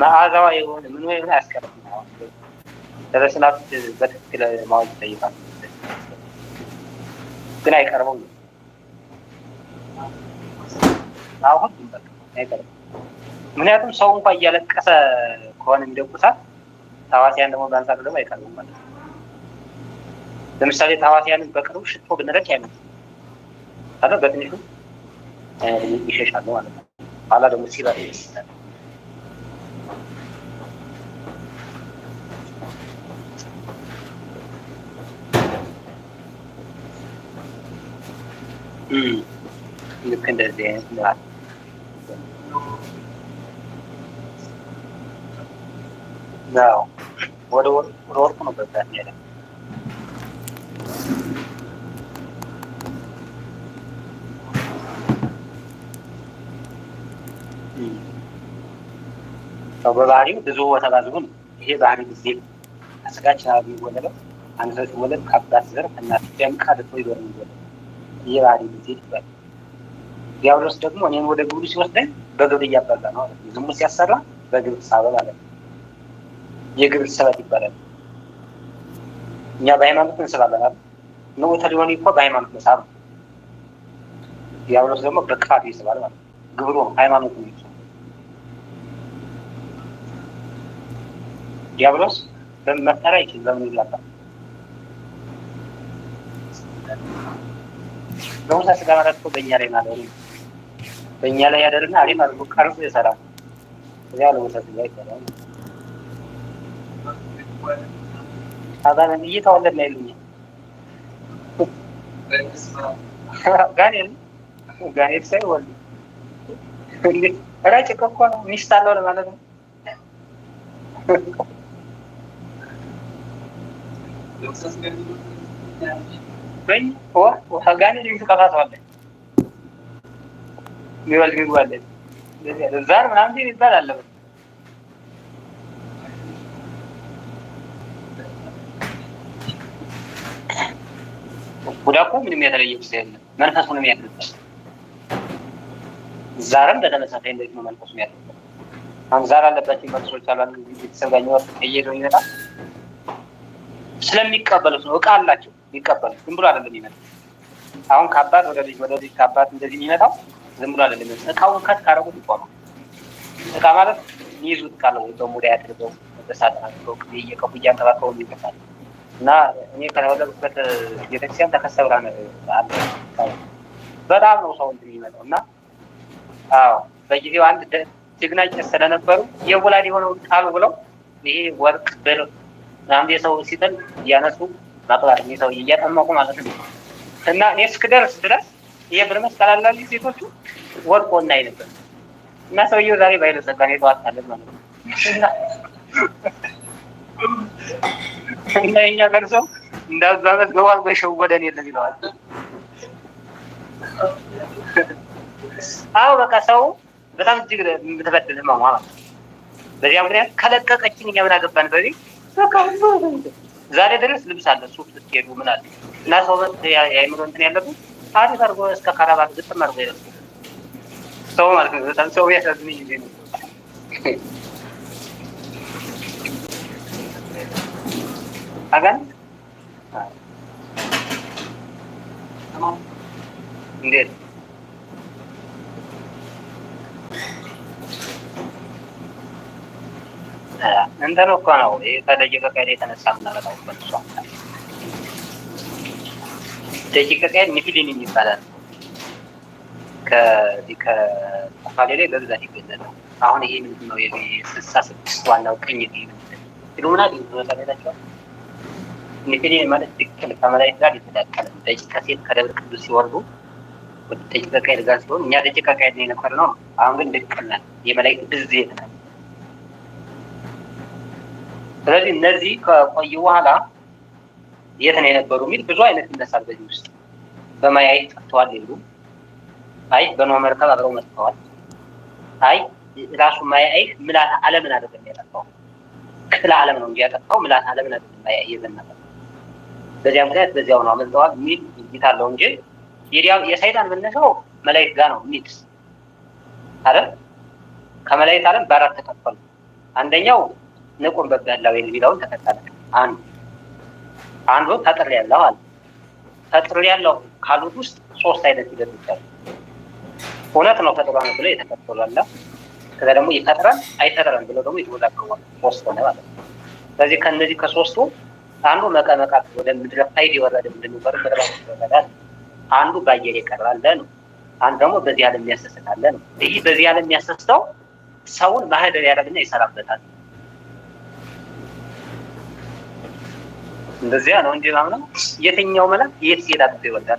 መዓዛዋ የሆነ ምን ወይ ምን አያስቀርም። ደረስናት በትክክል ማወቅ ይጠይቃል፣ ግን አይቀርበውም። አሁን አይቀርም። ምክንያቱም ሰው እንኳ እያለቀሰ ከሆነ እንደ ታዋሲያን ደግሞ በአንጻሩ ደግሞ አይቀርቡም ማለት ነው። ለምሳሌ ታዋሲያንን በቅርቡ ሽቶ ብንረጭ አይመጣም አ በትንሹ ይሸሻሉ ማለት ነው። ኋላ ደግሞ ሲበ ይመስላል ልክ እንደዚህ አይነት ነው። ወደ ወርቁ ነው ሄደ። በባህሪው ብዙ ተባዝቡ ነው። ይሄ ባህሪ ጊዜ አስጋችን አብ ይወለደው ወለድ ከአባት ዘር ከእናት ደምቃ ልቶ ይዞር የባህሪ ጊዜ ይባል። ዲያብሎስ ደግሞ እኔን ወደ ግብሩ ሲወስደኝ በግብር እያባላ ነው ማለት ነው። ዝሙት ሲያሰራ በግብር ሳበ ማለት ነው። የግብር ስበት ይባላል። እኛ በሃይማኖት እንስባለን አይደል? ንዑተ ሊሆን እኮ በሃይማኖት መሳብ ነው። ዲያብሎስ ደግሞ በክፋቱ ይስባል ማለት ነው። ግብሩ ሃይማኖት ነው። ዲያብሎስ በመፍጠር ይችል በምን ይላታል? በሙሳ ስጋ ማለት እኮ በእኛ ላይ ማለት ነው። በእኛ ላይ ያደርና አሪፍ አድርጎ ቀርቦ ይሰራል። እዚያ ለሙሳ ስጋ ይባላል። አዛን እየተወለድ ነው ይሉኛል። ጋኔል ጋኔል ሳይወልድ እንዴት እኮ ነው። ሚስት አለው ለማለት ነው። አለብኝ ከጋኔ ልጅቱ ከፋት አለኝ የሚበል ምግብ አለኝ ዛር ምናምን የሚባል አለበት። ሁዳኩ ምንም የተለየ ጊዜ የለም። መንፈሱንም ያድርበት። ዛርም በተመሳሳይ እንደዚህ ነው። መንፈሱን ያድርበት። አሁን ዛር አለባቸው መልሶች አሉ። ቤተሰብ ጋር ይመጣል ስለሚቀበሉት ነው። እቃ አላቸው ይቀበል። ዝም ብሎ አይደለም ይመጣ። አሁን ከአባት ወደ ልጅ ወደ ልጅ ከአባት እንደዚህ የሚመጣው ዝም ብሎ አይደለም። እቃውን ከት ካረጉት ይቆማል። እቃ ማለት ሚይዙት እቃ ነው። በሙዳ ያድርገው በሳጥን አድርገው እየቀቡ እያንጠባቀቡ ይመጣል እና እኔ ከተወለዱበት ቤተክርስቲያን ተከሰብራ በጣም ነው ሰው እንትን የሚመጣው እና አዎ በጊዜው አንድ ጀግና ቄስ ስለነበሩ የወላድ የሆነውን ቃሉ ብለው ይሄ ወርቅ ብር አንድ የሰው ሲጥል እያነሱ በአቅባር ሰውዬ እያጠመቁ ማለት ነው። እና እኔ እስክደርስ ድረስ ይሄ ብርመት ካላላሉ ሴቶቹ ወድቆ እናይ ነበር። እና ሰውዬው ዛሬ ባይለጸጋ ነው ጠዋት ካለ ማለት ነው። እና የኛ ደርሶ እንዳዛመት ገባል ጎሸው ጎደን የለም ይለዋል። አዎ በቃ ሰው በጣም እጅግ ተበደለ ማማ ማለት በዚያ ምክንያት ከለቀቀችን እኛ ምን አገባን በዚህ በቃ ሁሉ ዛሬ ድረስ ልብስ አለ ሱፍ ስትሄዱ ምን አለ እና ሰው የአይምሮ እንትን ያለብን አሪፍ አድርጎ እስከ ከረባት ግጥም አድርጎ ይለብሱ ሰው ማለት ነው። በጣም ሰው ያሳዝን ጊዜ ነው። አጋን እንዴት እንትን እኮ ነው ከደቂቀ ቀድ የተነሳ ምናመጣው ደቂቀ ኒፊሊን የሚባላል ላይ በብዛት አሁን ይሄ ምንድን ነው የስልሳ ስድስት ዋናው ቅኝት ይሄ ኒፊሊን ማለት ትክክል ከመላእክት ጋር ደቂቀ ሴት ቅዱስ ሲወርዱ ወደ ደቂቀ ጋር ሲሆን እኛ ደቂቀ ቀድ ነው የነበር ነው። አሁን ግን ድቅል ነን የመላእክት ብዜት ነን ስለዚህ እነዚህ ከቆይ በኋላ የት ነው የነበሩ የሚል ብዙ አይነት ይነሳል። በዚህ ውስጥ በማያየት ጠፍተዋል ይሉ፣ አይ በኖ መርከብ አብረው መጥተዋል፣ አይ ራሱ ማያይህ ምላት አለምን አደለም ያጠፋው ክፍለ አለም ነው እንጂ ያጠፋው ምላት አለምን አደለም ማያይ የዘነበ በዚያ ምክንያት በዚያው ነው አመልጠዋል የሚል ጌታ አለው እንጂ የሰይጣን መነሻው መላእክት ጋር ነው ሚድስ አለ ከመላእክት ዓለም በአራት ተከፈሉ አንደኛው ንቁ አንበብ ያለው የሚለውን ተከተለ። አንዱ አንዱ ተጥር ያለው አለ። ተጥር ያለው ካሉት ውስጥ ሶስት አይነት ሂደቶች አሉ። እውነት ነው ተጥሮ ነው ብሎ የተከተሉ አለ። ከዛ ደግሞ ይፈጥራል አይፈጥረን ብሎ ደግሞ የተወዛገቡ ሶስት ሆነ ማለት ነው። ስለዚህ ከእነዚህ ከሶስቱ አንዱ መቀመቃ ወደ ምድረ ፋይድ የወረደ እንደሚባሉ ምድረ ይወረዳል። አንዱ በአየር የቀራለ ነው። አንዱ ደግሞ በዚህ ዓለም የሚያሰስታለ ነው። ይህ በዚህ ዓለም የሚያሰስተው ሰውን ማህደር ያደረግና ይሰራበታል እንደዚያ ነው እንጂ ማምነው የትኛው መልአክ የት ሴት አግብቶ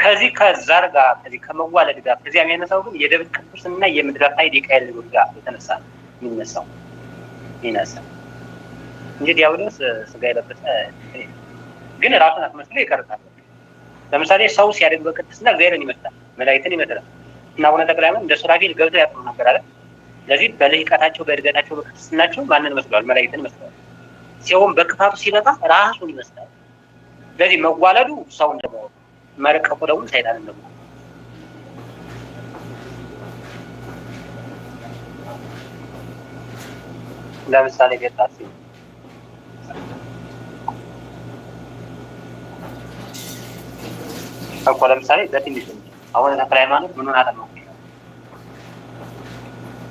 ከዚህ ከዛር ጋር ከዚህ ከመዋለድ ጋር ከዚያ የሚያነሳው ግን የደብረ ቅዱስና የምድራታይ ዲቃኤል ልጆች ጋር የተነሳ ነው የሚነሳው ይነሳ እንጂ ዲያብሎስ ስጋ የለበሰ ግን ራሱን አስመስሎ ይቀርታል። ለምሳሌ ሰው ሲያደግ በቅድስና እግዚአብሔርን ይመስላል፣ መላእክትን ይመስላል እና አቡነ ተክለ ሃይማኖት እንደ ሱራፊል ገብተው ያጥሩ ነበር አለ። ስለዚህ በልህቀታቸው በእድገታቸው በቅድስናቸው ማንን መስለዋል? መላእክትን መስለዋል። ሲሆን በክፋቱ ሲመጣ ራሱን ይመስላል። ስለዚህ መዋለዱ ሰው እንደ መርቀቁ ደግሞ ሰይጣን እንደ ለምሳሌ ገጣሲ እኮ ለምሳሌ በትንሽ አሁን ተክለ ሃይማኖት ምኑን አጠመቁት ይላል።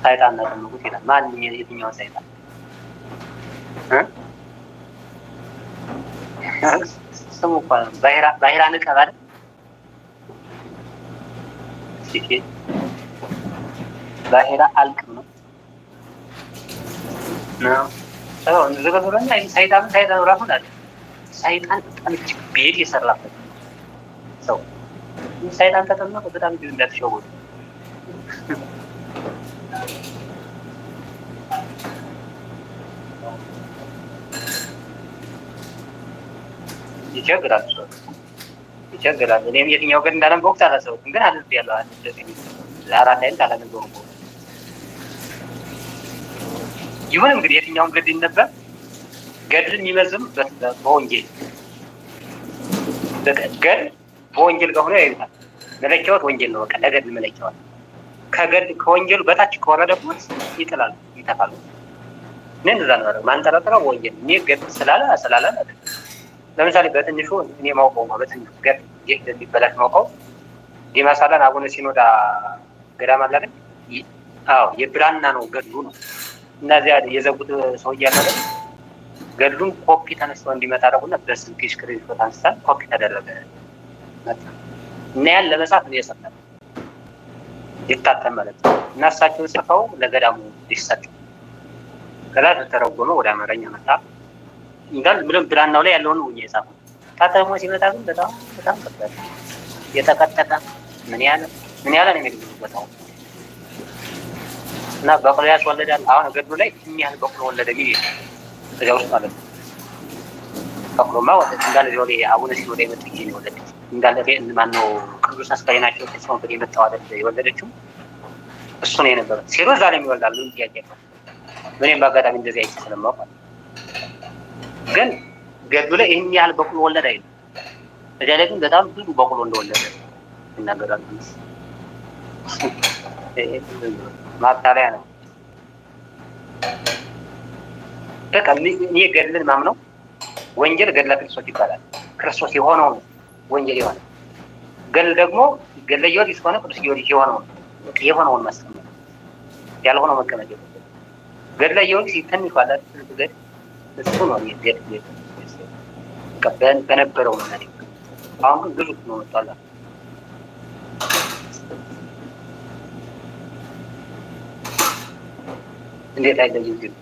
ሰይጣን አጠመቁት ይላል። ማን የትኛውን ሰይጣን ስሙ እኮ ባይራ ንቀብ አይደል? አልቅም ነው። ሰይጣን ሰይጣን ራሱ አለ ሰይጣን በጣም እጅግ ቤት የሰራበት ሰው ሰይጣን ተጠመቀ በጣም እንዳትሸወዱ ይቸግራል ይቸግራል። እኔም የትኛው ግን እንዳነበብኩት አላሰብኩም፣ ግን አልብ ያለው አራት አይነት አላነበብኩም። ይሁን እንግዲህ የትኛውን ገድል ነበር ገድል የሚመዝም በወንጌል ገድል በወንጌል ከሆነ ወንጌል ነው። በቃ ለገድል ከወንጌሉ በታች ከወረደበት ይጥላሉ፣ ይተፋሉ። እኔ እንደዛ ነው ወንጌል እኔ ገድል ስላለ ስላለ ለምሳሌ በትንሹ እኔ ማውቀው ነው በትንሹ ገ ይህ እንደሚበላሽ ማውቀው ዴማሳላን አቡነ ሲኖዳ ገዳም አለ አይደል? አዎ የብራና ነው ገድሉ ነው። እነዚያ የዘጉት ሰውዬ አለ አይደል? ገድሉን ኮፒ ተነስተው እንዲመጣ አደረጉና በስልክሽ ክሬዲት አንስታ ኮፒ ተደረገ መጣ እና ያን ለመጻፍ ነው የሰጠ ይታተም ማለት ነው። እና እሳቸው ጽፈው ለገዳሙ ሊሰጥ ከዛ ተተረጎመ ወደ አማርኛ መጣ። እንዳል ብሎም ብራናው ላይ ያለውን ነው የጻፈው። ታተሞ ሲመጣ ግን በጣም በጣም ከባድ የተቀጠቀ ምን ያለ ምን ያለ ነው የሚል ቦታው እና በቅሎ ያስወለዳል። አሁን ገድሉ ላይ ምን ያህል በቅሎ ወለደ ቢል እዚያ ውስጥ ማለት ነው። በቅሎማ ወለደ እንዳለ ዚሮ ላይ አቡነ ሲሮ ላይ መጥቼ ነው ወለደ እንዳለ ላይ ማነው ቅዱስ አስከሬናቸው ተጽፎበት የመጣው አይደል የወለደችው እሱ ነው የነበረ። ሲሮ ዛሬም ይወልዳሉ ጥያቄ ነው። እኔም በአጋጣሚ እንደዚህ አይቼ ስለማውቅ ማለት ነው ግን ገዱ ላይ ይህን ያህል በቅሎ ወለድ አይልም። እዚያ ላይ ግን በጣም ብዙ በቅሎ እንደወለደ ይናገራል። ማታለያ ነው። በቃ ይህ ገድልን ማምነው ወንጀል ገድለ ክርስቶስ ይባላል። ክርስቶስ የሆነው ነው ወንጀል የሆነ ገድል ደግሞ ገድለ ጊዮርጊስ ከሆነ ቅዱስ ጊዮርጊስ የሆነው ነው የሆነውን ማስቀመጥ ያልሆነው መቀመጥ ገድለ ጊዮርጊስ ትንሽ ዋላ ገድል እሱም አግኝት ከነበረው ነገር አሁን ግን ግልጽ ነው ወጣላት እንዴት አይለይም ግን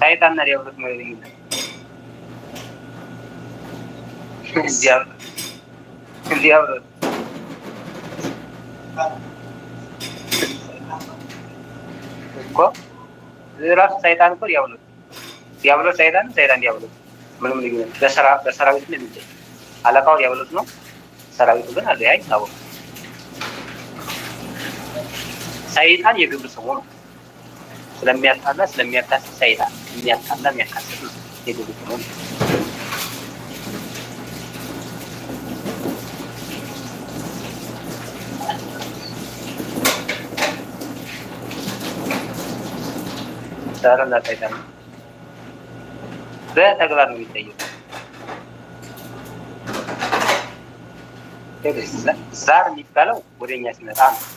ሰይጣንና ዲያብሎስ ነው የሚለው ዲያብሎስ እኮ ራሱ ሰይጣን እኮ ዲያብሎስ ዲያብሎስ ሰይጣን ሰይጣን ዲያብሎስ ምንም ልዩነት በሰራ በሰራዊት ነው የሚገኝ። አለቃው ዲያብሎስ ነው፣ ሰራዊቱ ግን አለ። ያ ይታወቃል። ሰይጣን የግብር ስሙ ነው። ስለሚያጣላ ስለሚያካስት ሰይጣን የሚያጣላ የሚያካስት ነው የግብር ስሙ ነው። ሳረ ላጠቀም በተግባር ነው የሚጠየቀው። ዛር የሚባለው ወደኛ ሲመጣ ነው።